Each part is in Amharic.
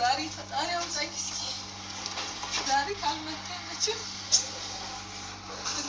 ዛሬ ፈጣሪ አውዛኝ እስኪ ዛሬ ካልመጣ መችም እኔ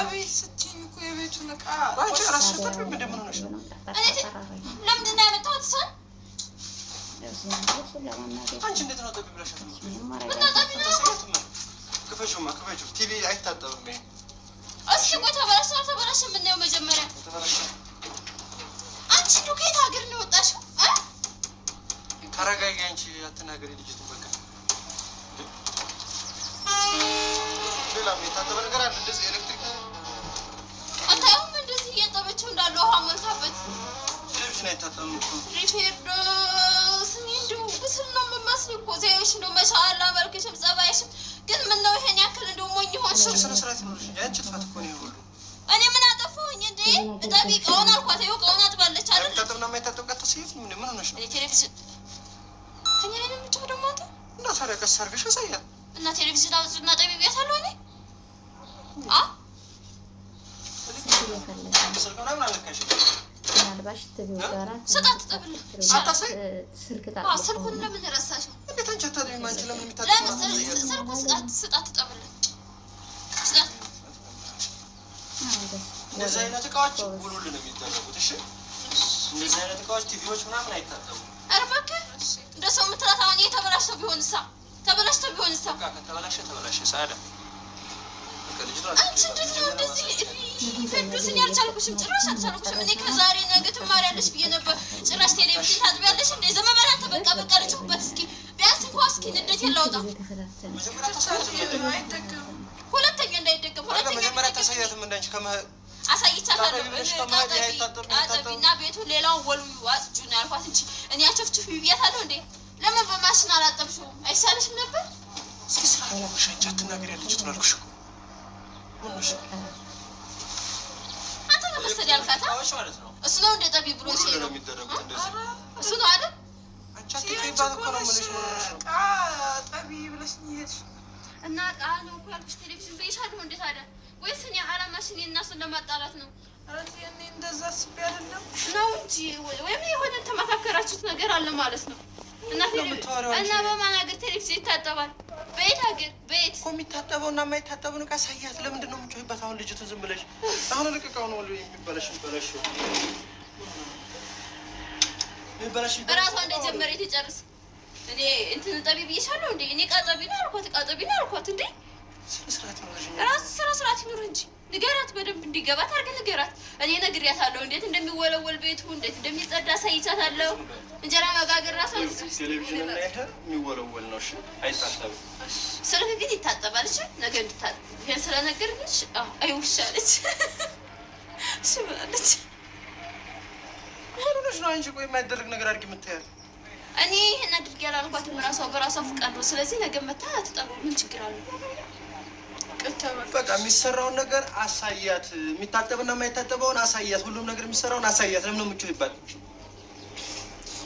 አቤት ስትይኝ እኮ የቤቱ ንቃ አንቺ ራስሽ ስጠጥብ ምንድን ምን ሆነሽ ነው? ለምንድን ነው ያመጣሁት? እሷን አንቺ እንዴት ነው ጠቢ ብለሽ ክፈሽማ፣ ክፈሽው። ቲቪ አይታጠብም። እስኪ ቆይ ተበላሽ አልተበላሽ የምናየው መጀመሪያ። አንቺ እንደው ከየት ሀገር ነው የወጣሽው? ተረጋጊ አንቺ አትናገሪ ልጅቱ በቃ ሌላ የታጠበ ነገር አለ እንደዚህ ኤሌክትሪክ እየታጠበችው እንዳለ ውሃ ሞልታበት ልብስ ነው የታጠበችው። ሪፌርዶስ እንዲሁ ብስል ነው የምመስል እኮ ዜዎች እንደ መሻአላ መልክሽም ጸባይሽም ግን ምን ነው ይሄን ያክል እንደ ሞኝ ሆንሽ? እኔ ምን አጠፋሁኝ እንዴ? እጠቢ እቃውን አልኳት። ይኸው እቃውን አጥባለች አይደል? እና ቴሌቪዥን አውጪና ጠቢ ቤት አለ እኔ ምናልባሽ ትግል ጋራ ስልክ ስልኩን ለምን ረሳሽ? እንደዚህ አይነት እቃዎች ውሉል ነው የሚደረጉት። እሺ፣ እንደዚህ አይነት እቃዎች ቲቪዎች ምናምን አይታጠቡም። ኧረ እባክህ እንደ ሰው የምትላት አሁን የተበላሸ ቢሆን እሳ ተበላሽተ ቢሆን እሳ ከተበላሸ ተበላሸ ሳዳ አንቺ እንዴት ነው እንደዚህ ፈዱስን ጭራሽ አልቻልኩሽም። እኔ ከዛሬ ነገ ትማሪያለሽ ብዬ ነበር። ጭራሽ ቴሌቪዥን ታጥቢያለሽ እንዴ? ዘመመሪያ ተበቃ በቃ ልጭሁበት። እስኪ ቢያንስ እንኳ እስኪ ንዴት የላውጣ። ሁለተኛ እንዳይደገም ሁለተኛ አሳይቻታለሁና ቤቱ ሌላውን ወሉ ዋጽጁ ነው ያልኳት እንጂ እኔ አቸፍችፍ ብያታለሁ እንዴ? ለምን በማሽን አላጠብሽውም? አይሻልሽም ነበር? እስኪ ስራ ለመሻቻት ትናገር ያለችት ናልኩሽ እኮ አንተ ለመሰድ ያልካታ እሱ ነው እንደ ጠቢ ብሎ ሲ ነው እሱ ነው አይደል? እና ቃል እኮ ያልኩሽ ቴሌቪዥን በይሻለሁ። እንዴት አለ ወይስ እኔ አላማሽ እኔ ለማጣላት ነው? እንደዛ አስቤ አይደለም ነው እንጂ ወይም የሆነ ተመካከራችሁት ነገር አለ ማለት ነው። እና በማን ሀገር ቴሌቪዥን ይታጠባል? እኮ የሚታጠበው እና የማይታጠበውን ዕቃ ሳያት ለምንድን ነው የምትጮይበት? አሁን ልጅቱን ዝም ብለሽ አሁን ልቅቃው ነው የሚበለሽ በለሽ እንደጀመረ የተጨርስ እኔ እንትን ጠቢ ብዬሻለሁ እንዴ? እኔ ነው አልኳት፣ ነው አልኳት እንዴ ንገራት፣ በደንብ እንዲገባት አርገ ንገራት። እኔ ነግሬያታለሁ፣ እንዴት እንደሚወለወል ቤቱ እንዴት እንደሚጸዳ አሳይቻታለሁ። እንጀራ መጋገር ራሱ ቴሌቪዥን የሚወለወል ነው። እሺ፣ አይታጠብም። ስልክ ግን ይታጠባል። እሺ፣ ነገ እንድታጠብ ይሄን ስለነገርኩሽ አይውሻለች። እሺ ብላለች። ነው አንቺ። ቆይ የማይደረግ ነገር አድርግ የምታያል። እኔ ይህን አድርጊ ያላልኳትም ራሷ በራሷ ፍቃድ ነው። ስለዚህ ነገ መታ ትጠሩ ምን ችግር አለው? በቃ የሚሰራውን ነገር አሳያት። የሚታጠብና የማይታጠበውን አሳያት። ሁሉም ነገር የሚሰራውን አሳያት። ለምን ነው የምችው ይባል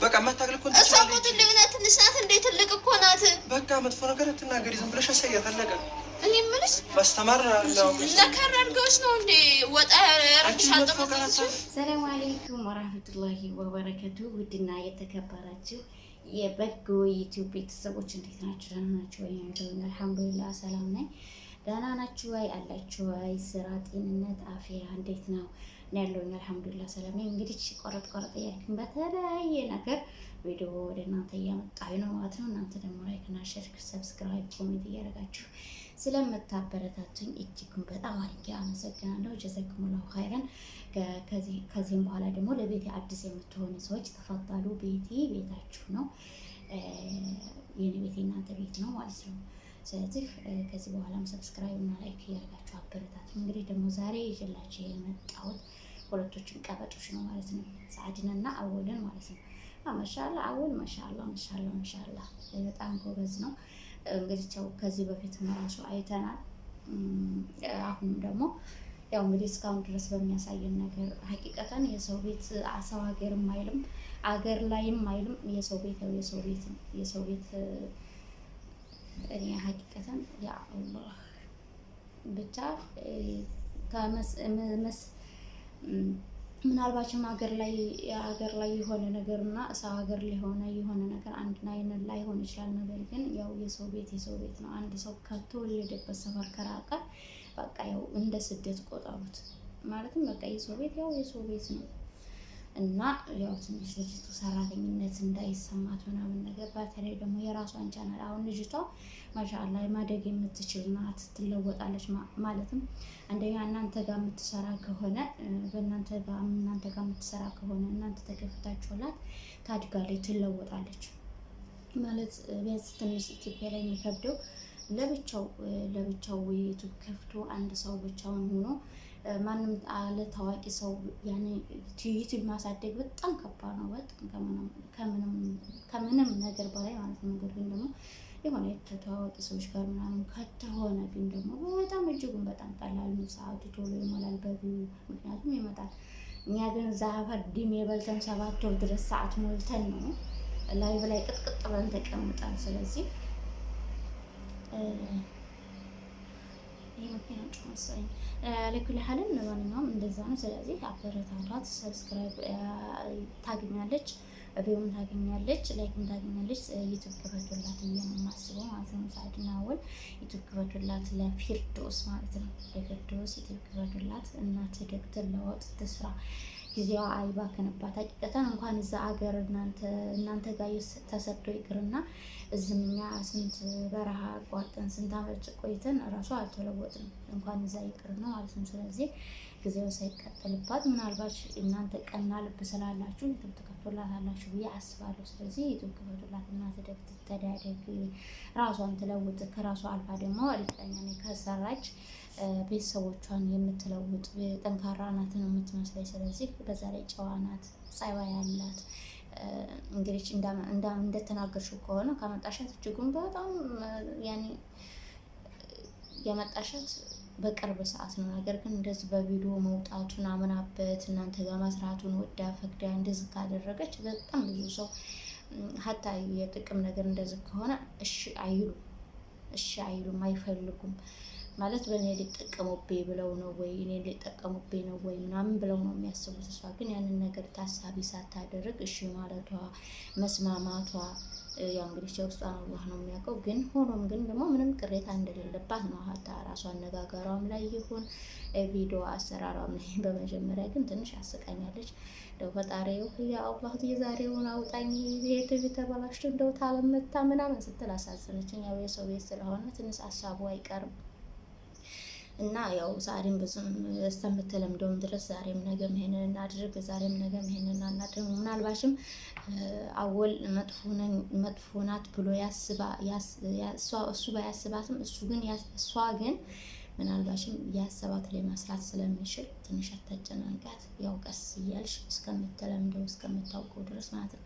በቃ መታገል እኮ ትችላለች። እሷ እኮ ትልቅ ናት፣ ትንሽ ናት እንዴ? ትልቅ እኮ ናት። በቃ መጥፎ ነገር አትናገሪ፣ ዝም ብለሽ አሳያት። አለቀ። እኔ የምልሽ ማስተማር ለካር አድርገውሽ ነው እንዴ? ወጣ ሰላም አለይኩም ወራህመቱላሂ ወበረከቱ። ውድና የተከበራችሁ የበጎ ዩቲዩብ ቤተሰቦች እንዴት ናችሁ? ደህና ናችሁ ወይ? አልሐምዱሊላህ ሰላም ነኝ። ደህና ናችሁ ወይ? አላችሁ ወይ? ስራ፣ ጤንነት፣ አፍያ እንዴት ነው? እኔ ያለሁኝ አልሐምዱሊላህ ሰላም እንግዲህ ቆረጥ ቆረጥ እያልኩኝ በተለያየ ነገር ቪዲዮ ወደ እናንተ እያመጣሁ ነው ማለት ነው። እናንተ ደግሞ ላይክ እና ሼር፣ ሰብስክራይብ፣ ኮሜንት እያደረጋችሁ ስለምታበረታቱኝ እጅግም በጣም አድርጌ አመሰግናለሁ። ጀዘኩሙላሁ ኸይረን። ከዚህም በኋላ ደግሞ ለቤት አዲስ የምትሆኑ ሰዎች ተፋታሉ። ቤቴ ቤታችሁ ነው፣ የኔ ቤቴ እናንተ ቤት ነው ማለት ነው። ስለዚህ ከዚህ በኋላም ሰብስክራይብ እና ላይክ እያደረጋችሁ አበረታት። እንግዲህ ደግሞ ዛሬ ይዤላችሁ የመጣሁት ሁለቶችን ቀበጦች ነው ማለት ነው። ሰዓድን እና አወልን ማለት ነው። ማሻላ አወል ማሻላ ማሻላ ማሻላ በጣም ጎበዝ ነው። እንግዲህ ቸው ከዚህ በፊት ራሱ አይተናል። አሁንም ደግሞ ያው እንግዲህ እስካሁን ድረስ በሚያሳየን ነገር ሀቂቀተን የሰው ቤት ሰው ሀገርም አይልም አገር ላይም አይልም የሰው ቤት የሰው ቤት ነው የሰው ቤት እኔ ሀቂቀተን ያ ብቻ ከመስ ምናልባችም ሀገር ላይ ሀገር ላይ የሆነ ነገር እና ሰው ሀገር ሊሆነ የሆነ ነገር አንድ አይነት ላይሆን ይችላል። ነገር ግን ያው የሰው ቤት የሰው ቤት ነው። አንድ ሰው ከተወለደበት ሰፈር ከራቀ በቃ ያው እንደ ስደት ቆጠሩት ማለትም በቃ የሰው ቤት ያው የሰው ቤት ነው። እና ያው ትንሽ ልጅቱ ሰራተኝነት እንዳይሰማት ምናምን ነገር በተለይ ደግሞ የራሷን ቻናል አሁን ልጅቷ ማሻአላ ማደግ የምትችል ናት፣ ትለወጣለች። ማለትም አንደኛ እናንተ ጋር የምትሰራ ከሆነ በእናንተ ጋር እናንተ ጋር የምትሰራ ከሆነ እናንተ ተከፍታችሁላት ታድጋለች፣ ትለወጣለች። ማለት ቢያንስ ትንሽ ኢትዮጵያ ላይ የሚከብደው ለብቻው ለብቻው ዩቱብ ከፍቶ አንድ ሰው ብቻውን ሆኖ ማንም አለ ታዋቂ ሰው ያን ዩቲዩብ ማሳደግ በጣም ከባድ ነው። በጣም ከምንም ነገር በላይ ማለት ነው። ነገር ግን ደግሞ የሆነ ከታዋቂ ሰዎች ጋር ምናምን ከተሆነ ግን ደግሞ በጣም እጅጉን በጣም ቀላል ነው። ሰዓቱ ቶሎ ይሞላል በቢ ምክንያቱም ይመጣል። እኛ ግን ዛፈር ዲም የበልተን ሰባት ወር ድረስ ሰዓት ሞልተን ነው ላይ በላይ ቅጥቅጥ ብለን ተቀምጠን ስለዚህ መሰለኝ ለኩል ያህልን ለማንኛውም እንደዛ ነው። ስለዚህ አበረታቷት፣ ሰብስክራይብ ታገኛለች፣ ቪውም ታገኛለች፣ ላይክም ታገኛለች። ዩቱብ ክፈቱላት ብዬ ነው የማስበው ማለት ነው። ሳድና ወል ዩቱብ ክፈቱላት ለፊርዶስ ማለት ነው። ለፊርዶስ ዩቱብ ክፈቱላት። እናት ደግትል ለወጥ ትስራ ጊዜዋ አይባክንባት። ሀቂቀተን እንኳን እዛ አገር እናንተ ጋር ተሰዶ ይቅርና እዚህም እኛ ስንት በረሃ አቋርጠን ስንት ዓመት ቆይተን እራሱ አልተለወጥም እንኳን እዛ ይቅር ነው ማለት ነው። ስለዚህ ጊዜው ሳይቀጥልባት ምናልባት እናንተ ቀና ልብ ስላላችሁ ዩቱብ ትከፍቶላት ብዬ አስባለሁ። ስለዚህ ዩቱብ ክፈቱላት እና ትደግ ትተዳደግ ራሷን ትለውጥ። ከራሷ አልፋ ደግሞ ሪጠኛ ከሰራች ቤተሰቦቿን የምትለውጥ ጠንካራ ናት ነው የምትመስለኝ። ስለዚህ በዛ ላይ ጨዋ ናት፣ ጸባይ ያላት እንግዲህ እንደተናገርሽው ከሆነ ከመጣሻት እጅጉን በጣም ያኔ የመጣሻት በቅርብ ሰዓት ነው። ነገር ግን እንደዚህ በቪዲዮ መውጣቱን አምናበት እናንተ ጋር መስራቱን ወዳ ፈቅዳ እንደዚህ ካደረገች በጣም ብዙ ሰው ሀታ የጥቅም ነገር እንደዚህ ከሆነ እሺ አይሉ እሺ አይሉም፣ አይፈልጉም። ማለት በእኔ ሊጠቀሙብኝ ብለው ነው ወይ እኔ ሊጠቀሙብኝ ነው ወይ ምናምን ብለው ነው የሚያስቡት። እሷ ግን ያንን ነገር ታሳቢ ሳታደርግ እሺ ማለቷ መስማማቷ ያው እንግዲህ ውስጥ አላህ ነው የሚያውቀው። ግን ሆኖም ግን ደግሞ ምንም ቅሬታ እንደሌለባት ነው። ሀታ ራሱ አነጋገሯም ላይ ይሁን ቪዲዮ አሰራሯም ላይ በመጀመሪያ ግን ትንሽ አስቃኛለች። እንደው ፈጣሪው ያ አላህ የዛሬውን አውጣኝ ቤት ተበላሽቶ እንደው ታለመታ ምናምን ስትል አሳዘነችኝ። ያው የሰው ቤት ስለሆነ ትንሽ አሳቡ አይቀርም። እና ያው ዛሬም ብዙም እስከምትለምደውም ድረስ ዛሬም ነገም ይሄንን እናድርግ፣ ዛሬም ነገም ይሄንን አናድርግ። ምናልባሽም አወል መጥፎ ናት ብሎ ያስባ እሱ ባያስባትም እሱ ግን እሷ ግን ምናልባሽም የሰባት ላይ መስራት ስለሚችል ትንሽ አታጨናንቃት። ያው ቀስ እያልሽ እስከምትለምደው እስከምታውቀው ድረስ ማለት ነው።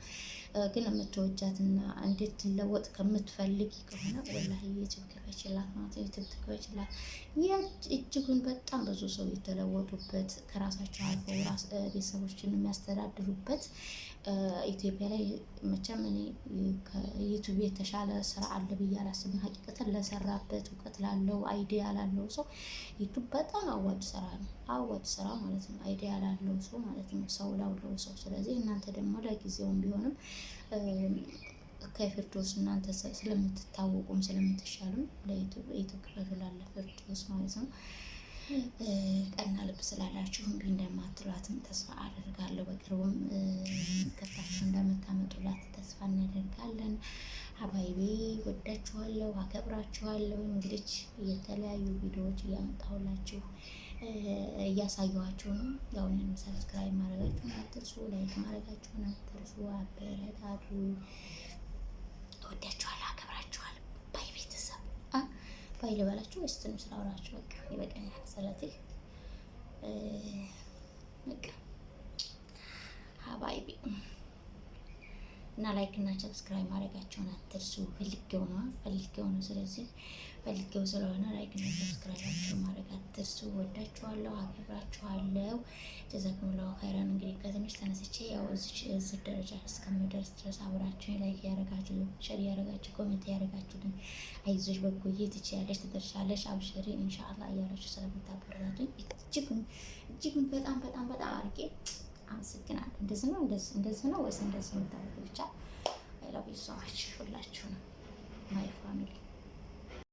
ግን የምትወጃትና እንዴት ትለወጥ ከምትፈልግ ከሆነ ወላሂ ዩቲዩብ ክፈችላት ማለት ነው። ዩቲዩብ ትክፈችላት። እጅጉን በጣም ብዙ ሰው የተለወጡበት ከራሳቸው አልፈው ቤተሰቦችን የሚያስተዳድሩበት ኢትዮጵያ ላይ መቼም እኔ ከዩቱብ የተሻለ ስራ አለ ብዬ አላስብም። ሀቂቀትን ለሰራበት እውቀት ላለው አይዲያ ላለው ሰው ዩቱብ በጣም አዋጭ ስራ ነው። አዋጭ ስራ ማለት ነው። አይዲያ ላለው ሰው ማለት ነው። ሰው ላለው ሰው። ስለዚህ እናንተ ደግሞ ለጊዜውም ቢሆንም ከፍርዶስ እናንተ ስለምትታወቁም ስለምትሻሉም ለዩቱብ ክፍል ላለ ፍርዶስ ማለት ነው ቀና ልብ ስላላችሁ እምቢ እንደማትሏትም ተስፋ አደርጋለሁ። በቅርቡም ከፍታችሁ እንደምታመጡላት ተስፋ እናደርጋለን። አባይቤ ወዳችኋለሁ፣ አከብራችኋለሁ። እንግዲህ የተለያዩ ቪዲዮዎች እያመጣሁላችሁ እያሳየኋችሁ ነው። ያሁንን ሰብስክራይብ ማድረጋችሁን አትርሱ፣ ላይክ ማድረጋችሁን አትርሱ። አበረታቱ። ወዳችኋለሁ። ባይ ልበላችሁ ወይስ ትንሽ ላውራችሁ? በቃ ይበቃኛል። ሰላቴ በቃ ሀባይቢ እና ላይክ እና ሰብስክራይብ ማድረጋቸውን አትርሱ። ፈልጌው ነው ፈልጌው ነው። ስለዚህ ፈልጌው ስለሆነ ላይክ እና ሰብስክራይባችሁ ማድረግ አትርሱ። ወዳችኋለሁ፣ አከብራችኋለሁ። ጀዛኩሙላሁ ኸይራን። እንግዲህ ከትንሽ ተነስቼ ያው እዚህ ደረጃ እስከምደርስ ድረስ አብራችሁን ላይክ ያደረጋችሁ፣ ሸር ያደረጋችሁ፣ ኮሜንት ያደረጋችሁልኝ አይዞች በጎዬ ትችያለሽ፣ ትደርሻለሽ፣ አብሽሪ ኢንሻአላ እያላችሁ ስለምታበረታቱኝ እጅግም እጅግም በጣም በጣም በጣም አድርጌ አመሰግናለሁ። እንደዚህ ነው እንደዚህ ነው ወይስ እንደዚህ የምታደርጉ ብቻ ላብሶማችሁ ሁላችሁ ነው ማይ ፋሚሊ